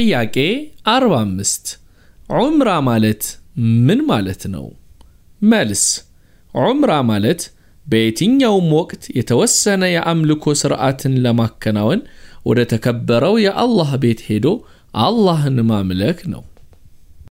ጥያቄ 45 ዑምራ ማለት ምን ማለት ነው? መልስ ዑምራ ማለት በየትኛውም ወቅት የተወሰነ የአምልኮ ስርዓትን ለማከናወን ወደ ተከበረው የአላህ ቤት ሄዶ አላህን ማምለክ ነው።